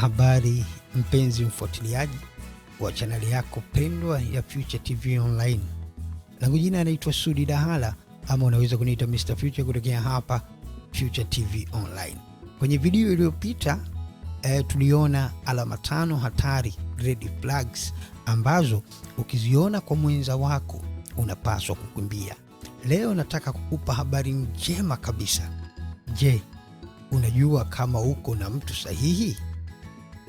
Habari mpenzi mfuatiliaji wa chaneli yako pendwa ya Future TV Online, langu jina anaitwa Sudi Dahala ama unaweza kuniita Mr Future kutokea hapa Future TV Online. Kwenye video iliyopita eh, tuliona alama tano hatari red flags, ambazo ukiziona kwa mwenza wako unapaswa kukimbia. Leo nataka kukupa habari njema kabisa. Je, unajua kama uko na mtu sahihi?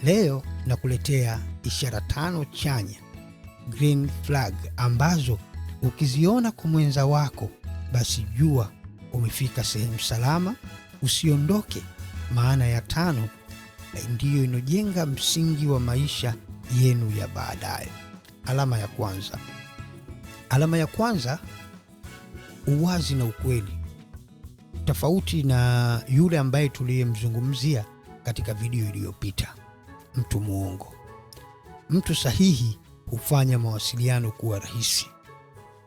Leo nakuletea ishara tano chanya, green flag, ambazo ukiziona kwa mwenza wako, basi jua umefika sehemu salama. Usiondoke. Maana ya tano eh, ndiyo inajenga msingi wa maisha yenu ya baadaye. Alama ya kwanza, alama ya kwanza, uwazi na ukweli. Tofauti na yule ambaye tuliyemzungumzia katika video iliyopita mtu mwongo. Mtu sahihi hufanya mawasiliano kuwa rahisi.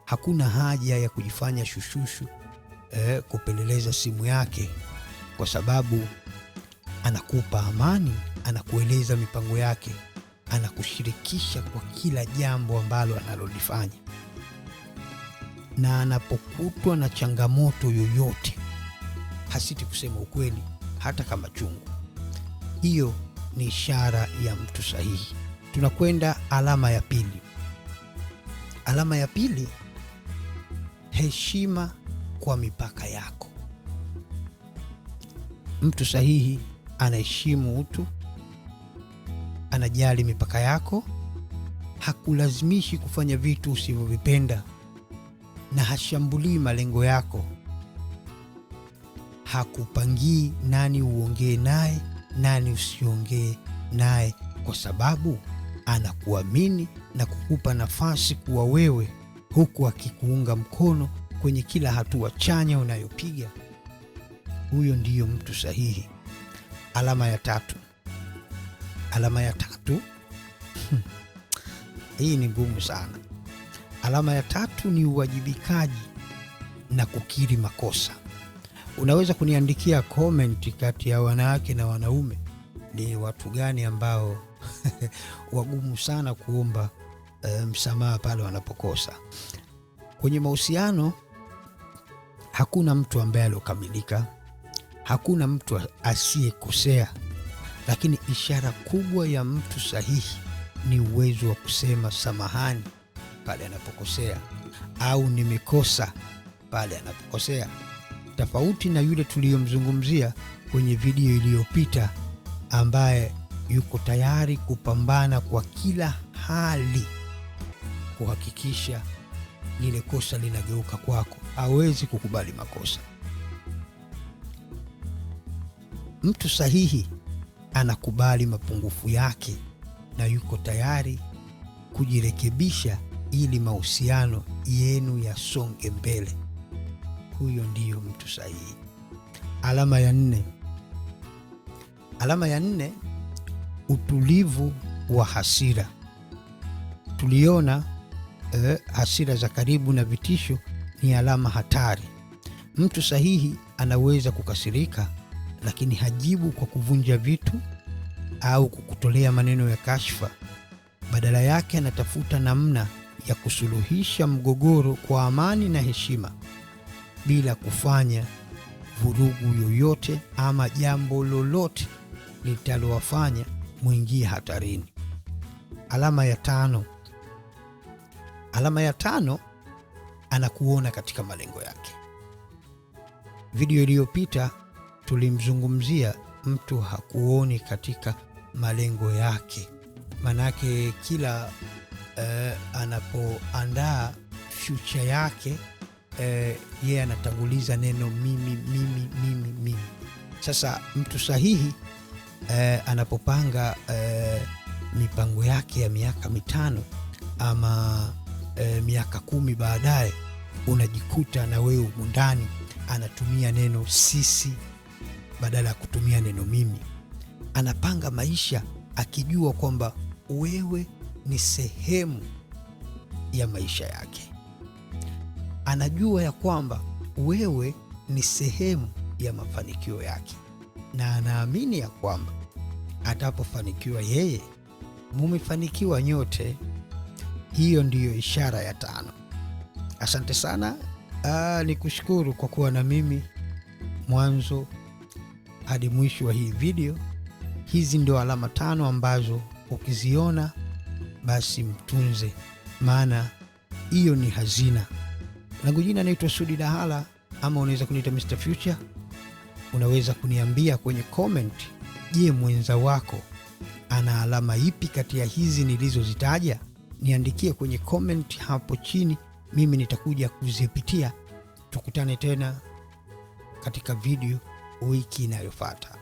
Hakuna haja ya kujifanya shushushu eh, kupeleleza simu yake, kwa sababu anakupa amani, anakueleza mipango yake, anakushirikisha kwa kila jambo ambalo analolifanya, na anapokutwa na changamoto yoyote hasiti kusema ukweli, hata kama chungu. Hiyo ni ishara ya mtu sahihi. Tunakwenda alama ya pili. Alama ya pili, heshima kwa mipaka yako. Mtu sahihi anaheshimu utu, anajali mipaka yako, hakulazimishi kufanya vitu usivyovipenda na hashambulii malengo yako, hakupangii nani uongee naye nani usiongee naye, kwa sababu anakuamini na kukupa nafasi kuwa wewe, huku akikuunga mkono kwenye kila hatua chanya unayopiga. Huyo ndiyo mtu sahihi. Alama ya tatu, alama ya tatu hmm. hii ni ngumu sana. Alama ya tatu ni uwajibikaji na kukiri makosa. Unaweza kuniandikia komenti, kati ya wanawake na wanaume ni watu gani ambao wagumu sana kuomba eh, msamaha um, pale wanapokosa kwenye mahusiano. Hakuna mtu ambaye aliokamilika, hakuna mtu asiyekosea, lakini ishara kubwa ya mtu sahihi ni uwezo wa kusema samahani pale anapokosea au nimekosa pale anapokosea tofauti na yule tuliyomzungumzia kwenye video iliyopita, ambaye yuko tayari kupambana kwa kila hali kuhakikisha lile kosa linageuka kwako. Hawezi kukubali makosa. Mtu sahihi anakubali mapungufu yake na yuko tayari kujirekebisha ili mahusiano yenu yasonge mbele huyo ndiyo mtu sahihi. Alama ya nne, alama ya nne, utulivu wa hasira. Tuliona eh, hasira za karibu na vitisho ni alama hatari. Mtu sahihi anaweza kukasirika, lakini hajibu kwa kuvunja vitu au kukutolea maneno ya kashfa. Badala yake, anatafuta namna ya kusuluhisha mgogoro kwa amani na heshima bila kufanya vurugu yoyote ama jambo lolote litalowafanya mwingie hatarini. Alama ya tano, alama ya tano anakuona katika malengo yake. Video iliyopita tulimzungumzia mtu hakuoni katika malengo yake, manake kila uh, anapoandaa future yake Eh, yeye anatanguliza neno mimi mimi mimi mimi. Sasa mtu sahihi eh, anapopanga eh, mipango yake ya miaka mitano ama eh, miaka kumi baadaye, unajikuta na wewe humu ndani anatumia neno sisi badala ya kutumia neno mimi. Anapanga maisha akijua kwamba wewe ni sehemu ya maisha yake anajua ya kwamba wewe ni sehemu ya mafanikio yake, na anaamini ya kwamba atapofanikiwa yeye, mumefanikiwa nyote. Hiyo ndiyo ishara ya tano. Asante sana. Aa, ah, ni kushukuru kwa kuwa na mimi mwanzo hadi mwisho wa hii video. Hizi ndio alama tano ambazo ukiziona basi mtunze, maana hiyo ni hazina. Langu jina naitwa Sudi Dahala, ama unaweza kuniita Mr Future. Unaweza kuniambia kwenye comment, je, mwenza wako ana alama ipi kati ya hizi nilizozitaja? Niandikie kwenye comment hapo chini, mimi nitakuja kuzipitia. Tukutane tena katika video wiki inayofuata.